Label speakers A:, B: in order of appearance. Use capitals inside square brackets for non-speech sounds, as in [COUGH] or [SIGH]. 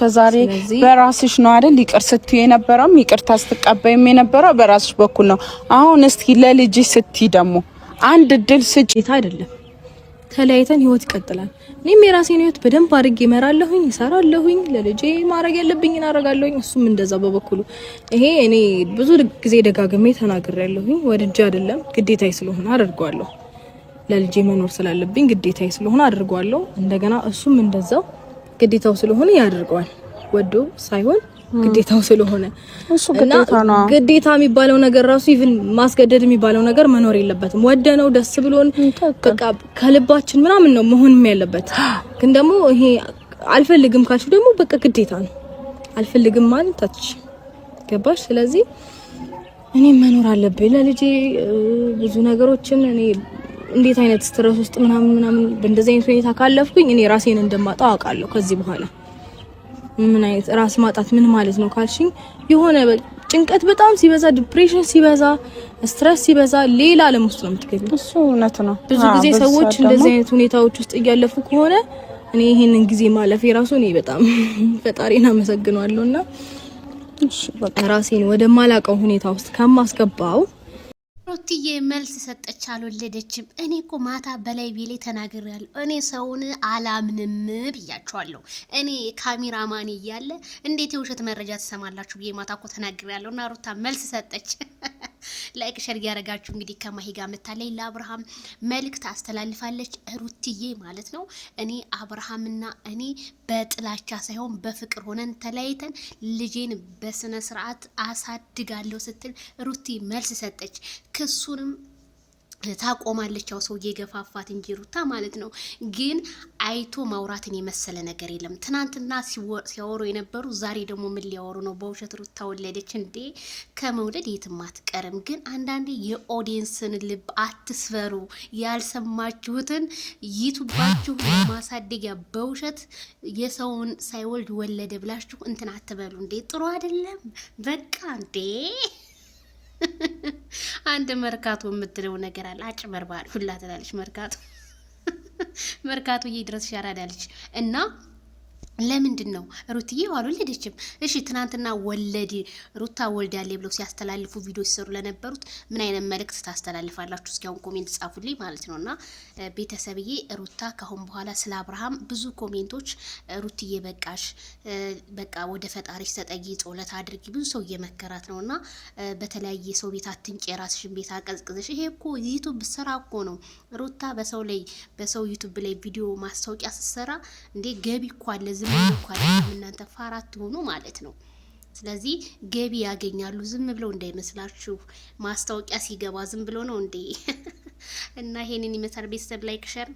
A: እስከዛሬ በራስሽ ነው አይደል? ይቅር ስትይ የነበረውም ይቅርታ ስትቀበይም የነበረው በራስሽ በኩል ነው። አሁን እስቲ ለልጅሽ ስትይ ደግሞ አንድ እድል
B: ስጭት። አይደለም ተለያይተን ህይወት ይቀጥላል። እኔም የራሴን ህይወት በደንብ አድርጌ እመራለሁኝ፣ እሰራለሁኝ፣ ለልጄ ማድረግ ያለብኝ እናደርጋለሁኝ። እሱም እንደዛ በበኩሉ ይሄ እኔ ብዙ ጊዜ ደጋግሜ ተናግሬያለሁኝ። ወድጄ አይደለም ግዴታዬ ስለሆነ አደርገዋለሁ። ለልጄ መኖር ስላለብኝ ግዴታዬ ስለሆነ አድርጓለሁ። እንደገና እሱም እንደዛው ግዴታው ስለሆነ ያደርገዋል። ወዶ ሳይሆን ግዴታው ስለሆነ
A: እሱ ግዴታ ነው።
B: ግዴታ የሚባለው ነገር ራሱ ኢቭን ማስገደድ የሚባለው ነገር መኖር የለበትም። ወደ ነው ደስ ብሎን በቃ ከልባችን ምናምን ነው መሆንም ያለበት። ግን ደግሞ ይሄ አልፈልግም ካልሽ ደግሞ በቃ ግዴታ ነው። አልፈልግም ማለት ታች ገባሽ? ስለዚህ እኔ መኖር አለብኝ ለልጄ ብዙ ነገሮችን እኔ እንዴት አይነት ስትረስ ውስጥ ምናምን ምናምን በእንደዚህ አይነት ሁኔታ ካለፍኩኝ እኔ ራሴን እንደማጣው አውቃለሁ። ከዚህ በኋላ ምን አይነት ራስ ማጣት ምን ማለት ነው ካልሽኝ የሆነ ጭንቀት በጣም ሲበዛ፣ ዲፕሬሽን ሲበዛ፣ ስትረስ ሲበዛ ሌላ ዓለም ውስጥ ነው የምትገኘው።
A: እሱ እውነት ነው።
B: ብዙ ጊዜ ሰዎች እንደዚህ አይነት ሁኔታዎች ውስጥ እያለፉ ከሆነ እኔ ይሄንን ጊዜ ማለፍ የራሱ እኔ በጣም [LAUGHS] ፈጣሪን እና ራሴን ወደ ሁኔታ ውስጥ ከማስገባው
C: እትዬ መልስ ሰጠች፣ አልወለደችም። እኔ እኮ ማታ በላይ ቤሌ ተናግሬያለሁ። እኔ ሰውን አላምንም ብያቸዋለሁ። እኔ ማን እያለ እንዴት የውሸት መረጃ ትሰማላችሁ ብዬ ማታ እኮ ተናግሬያለሁ። እና ሩታ መልስ ሰጠች። [LAUGHS] ላይክ ሸር እያደረጋችሁ እንግዲህ ከማሂ ጋር መታለኝ ለአብርሃም መልእክት አስተላልፋለች ሩትዬ ማለት ነው። እኔ አብርሃምና እኔ በጥላቻ ሳይሆን በፍቅር ሆነን ተለያይተን ልጄን በስነ ስርዓት አሳድጋለሁ ስትል ሩቲ መልስ ሰጠች። ክሱንም ታቆማለች ያው ሰው የገፋፋት እንጂ ሩታ ማለት ነው። ግን አይቶ ማውራትን የመሰለ ነገር የለም። ትናንትና ሲያወሩ የነበሩ ዛሬ ደግሞ ምን ሊያወሩ ነው? በውሸት ሩታ ወለደች እንዴ? ከመውለድ የትም አትቀርም። ግን አንዳንዴ የኦዲየንስን ልብ አትስበሩ። ያልሰማችሁትን ይቱባችሁ ማሳደጊያ በውሸት የሰውን ሳይወልድ ወለደ ብላችሁ እንትን አትበሉ እንዴ! ጥሩ አይደለም። በቃ እንዴ [LAUGHS] አንድ መርካቶ የምትለው ነገር አለ። አጭበርባሪ ሁላ ትላለች መርካቶ [LAUGHS] መርካቶ እየድረስ ሻራዳለች እና ለምንድን ነው ሩትዬ አልወለደችም? እሺ ትናንትና ወለድ ሩታ ወልዳለ ብለው ሲያስተላልፉ ቪዲዮ ሲሰሩ ለነበሩት ምን አይነት መልእክት ታስተላልፋላችሁ? እስኪ አሁን ኮሜንት ጻፉልኝ ማለት ነው። እና ቤተሰብዬ ሩታ ካሁን በኋላ ስለ አብርሃም ብዙ ኮሜንቶች ሩትዬ በቃሽ፣ በቃ ወደ ፈጣሪሽ ተጠጊ፣ ጸሎት አድርጊ፣ ብዙ ሰው እየመከራት ነው። እና በተለያየ ሰው ቤት አትንጭ፣ የራስሽን ቤት አቀዝቅዘሽ። ይሄ እኮ ዩቱብ ስራ እኮ ነው ሩታ። በሰው ላይ በሰው ዩቱብ ላይ ቪዲዮ ማስታወቂያ ስትሰራ እንዴ ገቢ እኮ አለ ምንም እኮ አይደለም እናንተ ፋራ ማለት ነው። ስለዚህ ገቢ ያገኛሉ። ዝም ብለው እንዳይመስላችሁ። ማስታወቂያ ሲገባ ዝም ብሎ ነው እንዴ? [LAUGHS] እና ይሄንን ይመስላል ቤተሰብ ላይክ ሸር